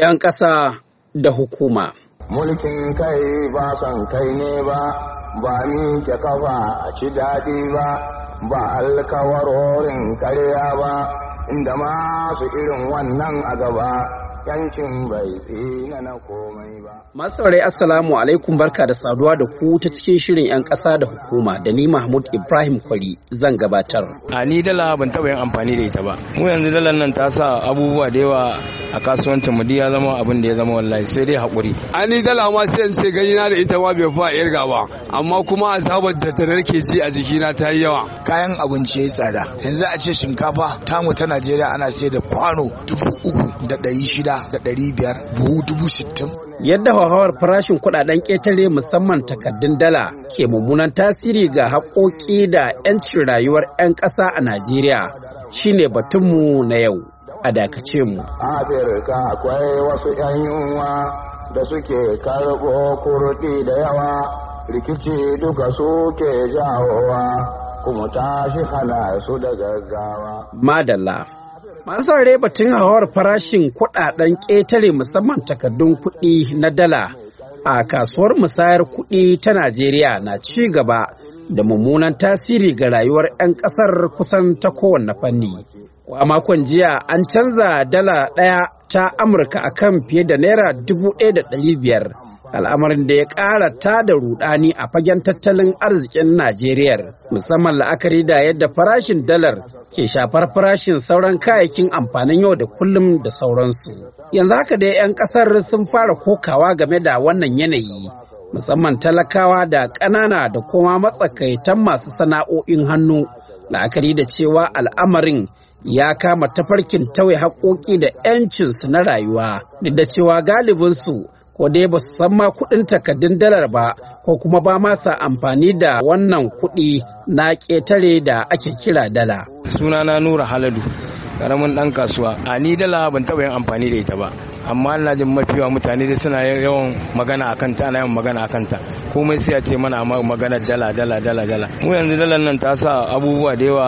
'yan ƙasa da hukuma. Mulkin kai ba son kai ne ba, ba ni ke kafa a ci daɗi ba, ba horin karya ba, inda masu irin wannan a gaba. yankin bai komai ba. Masu Assalamu alaikum barka da saduwa da ku ta cikin shirin 'yan ƙasa da hukuma da ni Mahmud Ibrahim Kwari zan gabatar. A ni dala ban taɓa yin amfani da ita ba. Mu yanzu dalar nan ta sa abubuwa da yawa a kasuwancin mu ya zama abin da ya zama wallahi sai dai haƙuri. A ni dala ma sai in ce ganina da ita ma bai fa irga ba amma kuma azabar da tarar ke ji a jikina ta yi yawa. Kayan abinci ya tsada yanzu a ce shinkafa tamu ta Najeriya ana sai da kwano dubu uku da ɗari shida buhu Yadda hauhawar farashin kuɗaɗen ƙetare musamman takardun dala ke mummunan tasiri ga haƙoƙi da 'yancin rayuwar 'yan ƙasa a Najeriya shine batunmu na yau a dakace mu. Afirka akwai wasu 'yan yunwa da suke karɓo kurɗi da yawa rikici duka suke jawowa kuma tashi hana su da gaggawa. Madalla. Masu saurare batun hawar farashin kuɗaɗen ƙetare musamman takardun kuɗi na dala a kasuwar musayar kuɗi ta Najeriya na ci gaba da mummunan tasiri ga rayuwar 'yan ƙasar kusan ta kowanne fanni. A makon jiya an canza dala ɗaya ta Amurka akan fiye da Naira dubu ɗaya da ɗari biyar. al'amarin da ya ƙara ta da rudani a fagen tattalin arzikin Najeriya musamman la'akari da yadda farashin dalar ke shafar farashin sauran kayayyakin amfanin yau da kullum da sauransu. Yanzu haka dai 'yan ƙasar sun fara kokawa game da wannan yanayi musamman talakawa da ƙanana da kuma matsakaitan masu sana'o'in hannu la'akari da cewa al'amarin ya kama tafarkin tauye haƙoƙi da 'yancinsu na rayuwa duk da cewa galibinsu ko dai ba su san ma kuɗin takardun dalar ba ko kuma ba ma sa amfani da wannan kuɗi na ƙetare da ake kira dala. Suna na Nura Haladu, karamin dan kasuwa. A ni dala ban taba yin amfani da ita ba. amma ina jin mafiwa mutane da suna yawan magana a kanta ana yawan magana a kanta komai sai a ce mana magana dala dala dala dala mu yanzu dalar nan ta sa abubuwa da yawa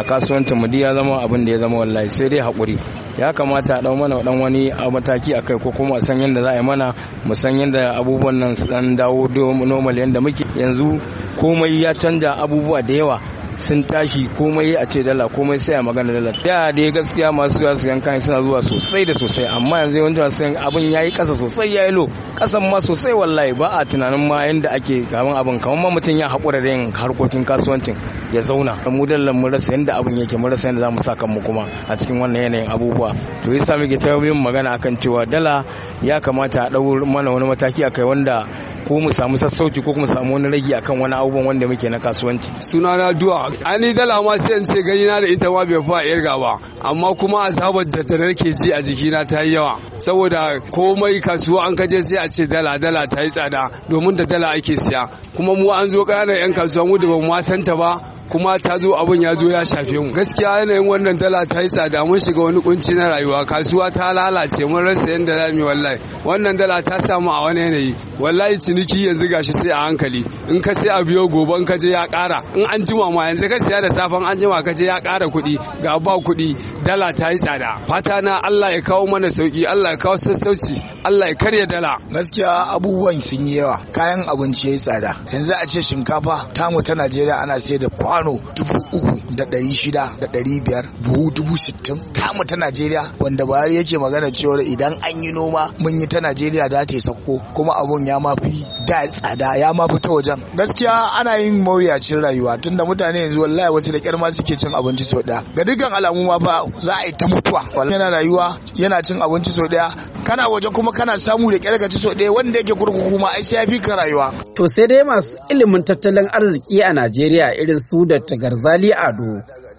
a kasuwancin mu ya zama abin da ya zama wallahi sai dai haƙuri ya kamata a dau mana dan wani a mataki a kai ko kuma san yanda za a yi mana mu san yadda abubuwan nan su dan dawo normal yadda muke yanzu komai ya canja abubuwa da yawa sun tashi komai a ce dala komai sai a magana dala da dai gaskiya masu yawa su kayan suna zuwa sosai da sosai amma yanzu yawanci masu siyan abin yayi kasa sosai yayi lo kasan ma sosai wallahi ba a tunanin ma yanda ake kaman abin kamar ma mutum ya haƙura da yin harkokin kasuwancin ya zauna mu dallan mu rasa yanda abin yake mu rasa yanda zamu sa kanmu kuma a cikin wannan yanayin abubuwa to yasa muke ta yin magana akan cewa dala ya kamata a ɗau mana wani mataki akai wanda ko mu samu sassauci ko kuma samu wani ragi akan wani abubuwan wanda muke na kasuwanci sunana duwa ani dala ma sai in ce gani na da ita ma bai fa irga ba amma kuma azabar da ta narke ji a jikina ta yi yawa saboda komai kasuwa an kaje sai a ce dala dala ta yi tsada domin da dala ake siya kuma mu an zo ƙananan 'yan kasuwa mu da ba mu santa ba kuma ta zo abin ya zo ya shafe mu gaskiya yanayin wannan dala ta yi tsada mun shiga wani kunci na rayuwa kasuwa ta lalace mun rasa yadda za mu yi wallahi wannan dala ta samu a wani yanayi wallahi ciniki yanzu gashi sai a hankali in ka sai a biyo gobe ka je ya ƙara in an jima ma yanzu ka siya da safen an jima ka je ya kara kuɗi ga ba kuɗi dala ta yi tsada fata na Allah ya kawo mana sauki Allah ya kawo sassauci Allah ya karya dala gaskiya abubuwan sun yi yawa kayan abinci ya yi tsada yanzu a ce shinkafa tamu ta Najeriya ana sayar da kwano dubu uku da ɗari shida da ɗari biyar buhu dubu sittin tamu ta najeriya wanda buhari yake magana cewa idan an yi noma mun yi ta najeriya za ta sauko kuma abun ya ma fi da tsada ya ma fi ta wajen gaskiya ana yin mawuyacin rayuwa tunda mutane yanzu wallahi wasu da kyar ma suke cin abinci sau ɗaya ga dukkan alamu ma fa za a yi ta mutuwa yana rayuwa yana cin abinci sau ɗaya kana waje kuma kana samu da kyar ka ci sau ɗaya wanda yake kurkuku ma ai sai ya fi ka rayuwa to sai dai masu ilimin tattalin arziki a Najeriya irin su da tagarzali Ado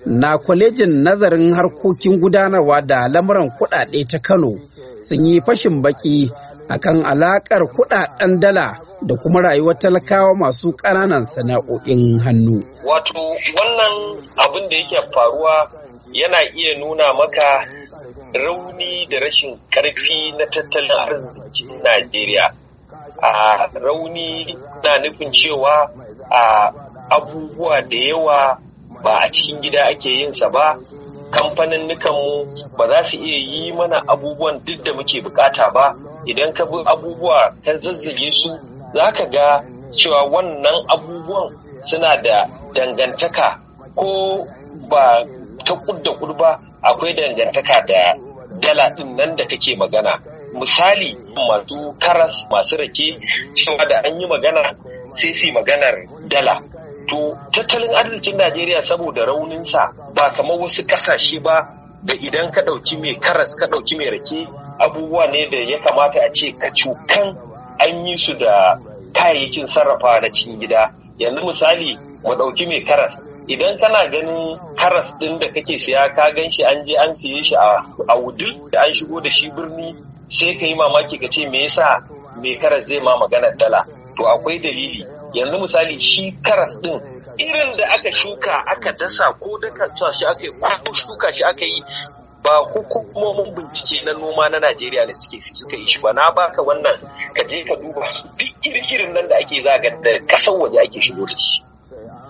na kwalejin nazarin harkokin gudanarwa da lamuran kuɗaɗe ta Kano sun yi fashin baki akan alakar kuɗaɗen dala da kuma rayuwar talakawa masu ƙananan sana'o'in hannu. Wato wannan abin da yake faruwa yana iya nuna maka rauni da rashin ƙarfi na tattalin arzikin Najeriya. A rauni na nufin cewa a abubuwa da yawa ba a cikin gida ake yin sa ba kamfanin mu ba za su iya yi mana abubuwan duk da muke bukata ba idan ka bi abubuwa ka zazzage su za ka ga cewa wannan abubuwan suna da dangantaka ko ba ta kudda ba akwai dangantaka da dala din nan da kake magana misali masu karas masu rake cewa da an yi magana sai su maganar dala to tattalin arzikin najeriya saboda rauninsa ba kamar wasu kasashe ba da idan ka ɗauki mai karas ka ɗauki mai rake abubuwa ne da ya kamata a ce ka cukan an yi su da kayayyakin sarrafa na cikin gida yanzu misali mu ɗauki mai karas idan kana ganin karas ɗin da kake siya ka gan shi an je an siye shi a wudil da an shigo da shi birni sai ka yi mamaki ka ce me yasa mai karas zai ma maganar dala to akwai dalili yanzu misali shi karas din irin da aka shuka aka dasa ko daka shi aka yi ko shuka shi aka yi ba hukumomin bincike na noma na Najeriya ne suke suka yi shi ba na baka wannan ka je ka duba duk irin nan da ake zaga da kasar waje ake shigo da shi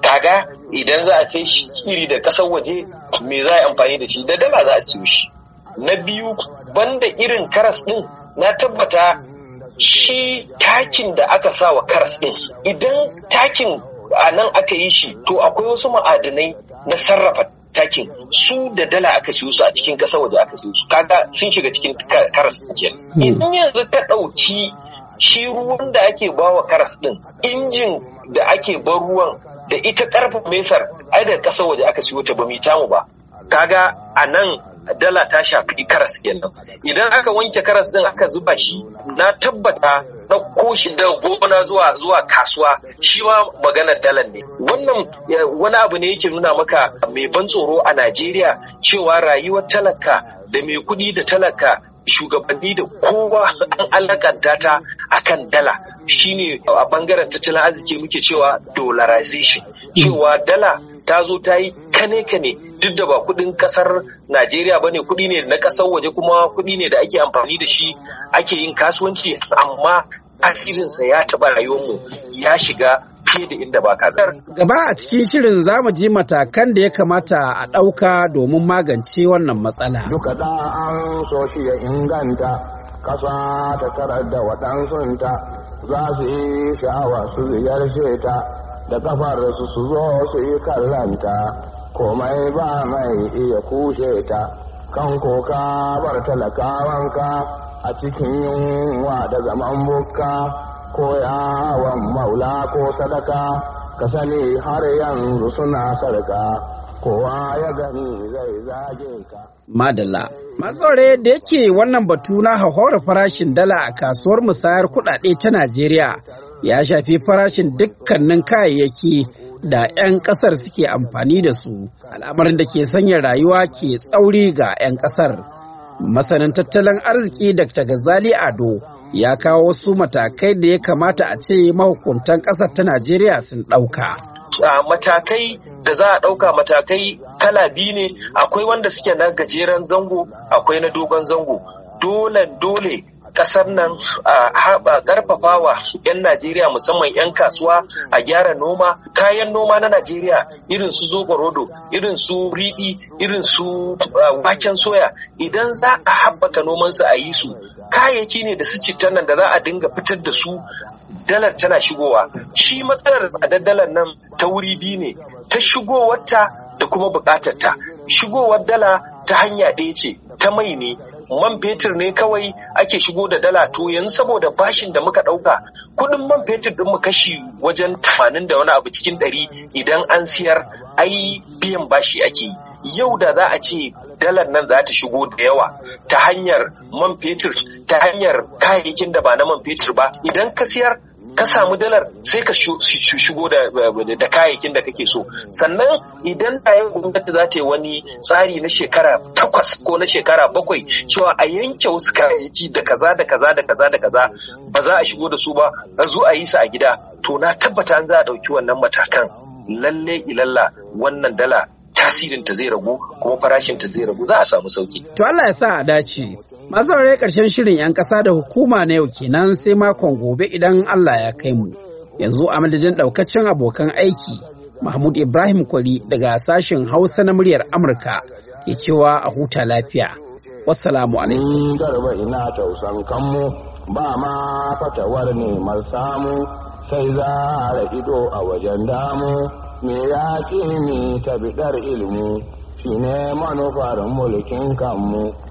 kaga idan za a sai iri da kasar waje me za a amfani da shi da dala za a siyo shi na biyu banda irin karas din na tabbata shi takin da aka sa wa karas ɗin idan takin a nan aka yi shi to akwai wasu ma'adanai na sarrafa takin su da dala aka siyo su a cikin ƙasa waje aka siyo su kaga sun shiga cikin karas kenan hmm. idan yanzu ka ɗauki shi ruwan da ake wa karas ɗin injin da ake bar ruwan da ita ƙarfin mesar ai da ƙasa waje aka siyo ta ba mu ba kaga a nan dala ta shafi karas kenan idan aka wanke karas din aka zuba shi na tabbata na shi da gona zuwa zuwa kasuwa shi ma maganar dalan ne wannan wani abu ne yake nuna maka mai ban tsoro a najeriya cewa rayuwar talaka da mai kuɗi da talaka shugabanni da kowa an alakanta ta a kan dala shine a bangaren tattalin arziki muke cewa dolarization cewa dala ta zo ta yi kane-kane duk da ba kudin kasar Najeriya ne, kudi ne na kasar waje kuma kudi ne da ake amfani da shi ake yin kasuwanci amma asirinsa ya taɓa rayuwarmu ya shiga fiye da inda ba ka Gaba a cikin shirin zamu ji matakan da ya kamata a ɗauka domin magance wannan matsala. Duka da an so shi ya inganta ƙasa ta tarar da waɗansunta za su yi sha'awa su ziyarce ta da kafar su su zo su yi kallanta. komai ba mai iya kushe ta kan koka bar talakawanka a cikin yunwa da zaman bukka ko yawon maula ko sadaka ka sani har yanzu suna sarka kowa ya gani zai zage ka. Madalla, matsore da yake wannan batu na hauhawar farashin dala a kasuwar musayar kudade ta Najeriya ya shafi farashin dukkanin kayayyaki da 'yan kasar suke amfani da su al'amarin da ke sanya rayuwa ke tsauri ga 'yan kasar masanin tattalin arziki dr gazali ado ya kawo wasu matakai da ya kamata a ce mahukuntan kasar ta najeriya sun ɗauka. matakai da za a ɗauka matakai kala biyu ne akwai wanda suke na gajeren zango akwai na dogon zango dole dole kasar nan a ƙarfafawa 'yan Najeriya musamman 'yan kasuwa a gyara noma kayan noma na Najeriya irin su rodo, irin su riɗi irin su waken soya idan za a haɓaka nomansu a yi su kayayyaki ne da su citta nan da za a dinga fitar da su dalar tana shigowa shi matsalar tsadar dalar nan ta wuri biyu ne ta shigowarta da kuma bukatarta shigowar dala ta hanya ɗaya ce ta mai ne man fetur ne kawai ake shigo da dala to yanzu saboda bashin da muka ɗauka kuɗin man fetur din mu kashi wajen tamanin da wani abu cikin ɗari idan an siyar ai biyan bashi ake yi yau da za a ce dalar nan za ta shigo da yawa ta hanyar man fetur ta hanyar kayayyakin da ba na man fetur ba idan ka siyar ka samu dalar sai ka shigo da kayayyakin da kake so sannan idan da yau gwamnati za ta yi wani tsari na shekara takwas ko na shekara bakwai cewa a yanke wasu kayayyaki da kaza da kaza da kaza da kaza ba za a shigo da su ba a zo a yi su a gida to na tabbata an za a ɗauki wannan matakan lalle ilalla wannan dala tasirinta zai ragu kuma farashinta zai ragu za a samu sauki. To Allah ya sa a dace. Masu saurare ƙarshen shirin 'yan ƙasa da hukuma na yau kenan sai makon gobe idan Allah ya kai mu. Yanzu a madadin ɗaukacin abokan aiki Mahmud Ibrahim Kwari daga sashen Hausa na muryar Amurka ke cewa a huta lafiya. Wassalamu alaikum. ina tausan kanmu ba ma fatawar samu sai za a ido a wajen damu. me ya ƙi ni ta biɗar ilimi shi ne manufar mulkin kanmu